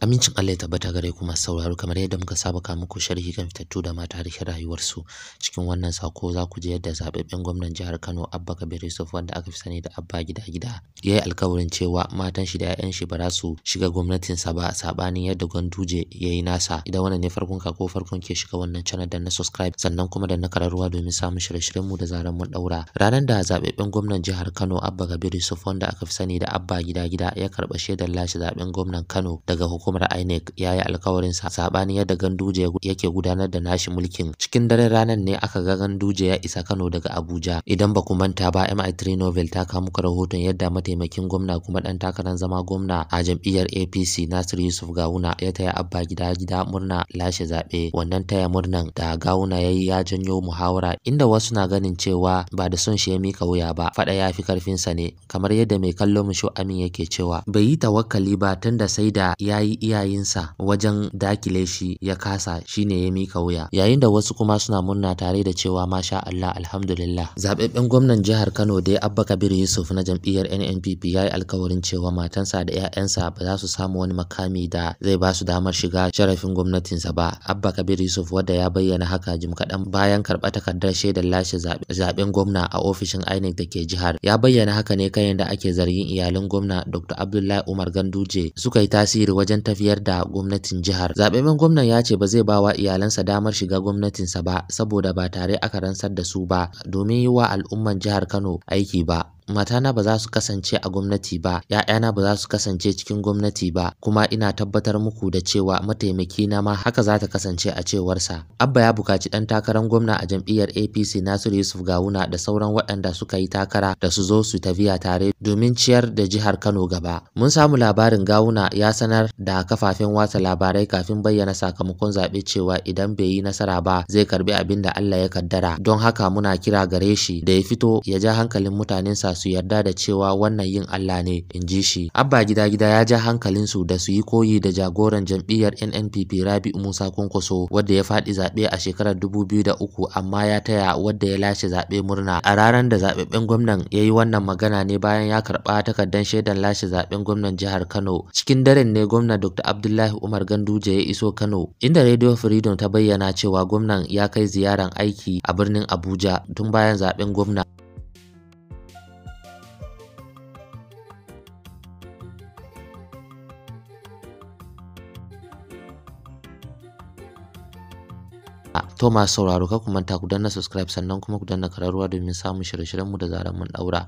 Amincin Allah ya tabbata gare ku masu sauraro kamar yadda muka saba ka muku sharhi kan fitattu da mata harshen rayuwarsu cikin wannan sako za ku je yadda zababben gwamnan jihar Kano Abba Kabir Yusuf wanda aka fi sani da Abba gida gida ya yi alkawarin cewa matan shi da 'ya'yan shi ba za su shiga gwamnatin sa ba sabanin yadda Ganduje ya yi nasa idan wannan ne farkon ka ko farkon ke shiga wannan channel dan na subscribe sannan kuma da na kararruwa domin samun shirye-shiryen mu da zaran mun daura ranar da zababben gwamnan jihar Kano Abba Kabir Yusuf wanda aka fi sani da Abba gida gida ya karba shaidar lashe zaben gwamnan Kano daga hukumar hukumar INEC ya yi alkawarin sabanin yadda Ganduje yake gudanar da nashi mulkin. Cikin dare ranar ne aka ga Ganduje ya isa Kano daga Abuja. Idan ba ku manta ba MI3 Novel ta kawo muku rahoton yadda mataimakin gwamna kuma dan takarar zama gwamna a jam'iyyar APC Nasir Yusuf Gawuna ya taya abba gida gida murna lashe zaɓe. Wannan taya murnan da Gawuna ya yi ya janyo muhawara inda wasu na ganin cewa ba da son shi ya mika wuya ba Fada ya fi karfinsa ne kamar yadda mai kallon mu Amin yake cewa bai yi tawakkali ba tunda sai da ya yi iyayensa wajen dakile shi ya kasa shine ya mika wuya yayin da wasu kuma suna murna tare da cewa masha Allah alhamdulillah zababben gwamnan jihar Kano dai Abba Kabir Yusuf na jam'iyyar NNPP ya yi alkawarin cewa matansa da 'ya'yansa ba za su samu wani makami da zai ba su damar shiga sharafin gwamnatinsa ba Abba Kabir Yusuf wanda ya bayyana haka jim kaɗan bayan karɓar takardar shaidar lashe Zaɓen gwamna a ofishin INEC da ke jihar ya bayyana haka ne kan yadda ake zargin iyalin gwamna Dr. Abdullahi Umar Ganduje suka yi tasiri wajen tafiyar da gwamnatin jihar. Zaɓaɓɓen gwamnan ya ce ba zai ba wa iyalansa damar shiga gwamnatinsa ba saboda ba tare aka ransar da su ba domin yi wa al'umman jihar Kano aiki ba. matana ba za su kasance a gwamnati ba ‘ya'yana ba za su kasance cikin gwamnati ba kuma ina tabbatar muku da cewa mataimaki na ma haka za ta kasance a cewarsa abba ya bukaci ɗan takarar gwamna a jam'iyyar apc nasiru yusuf gawuna da sauran waɗanda suka yi takara da su zo su tafiya tare domin ciyar da jihar kano gaba mun samu labarin gawuna ya sanar da kafafen watsa labarai kafin bayyana sakamakon zaɓe cewa idan bai yi nasara ba zai karbi abin da allah ya kaddara don haka muna kira gare shi da ya fito ya ja hankalin mutanensa su yarda da cewa wannan yin Allah ne in ji shi abba gida gida ya ja hankalin su da su yi koyi da jagoran jam'iyyar NNPP Rabi'u Musa Kunkoso wanda ya faɗi zaɓe a shekarar 2003 amma ya taya wanda ya lashe zaɓe murna a ranar da zaɓaɓɓen gwamnan ya yi wannan magana ne bayan ya karɓa takardar shaidar lashe zaɓen gwamnan jihar Kano cikin daren ne Gwamnan Dr. Abdullahi Umar Ganduje ya iso Kano inda Radio Freedom ta bayyana cewa gwamnan ya kai ziyaran aiki a birnin Abuja tun bayan zaɓen gwamna. Ah, to masu sauraro ka ku manta ku danna subscribe sannan kuma ku danna kararruwa domin samun shirye-shiryenmu da zaran mun daura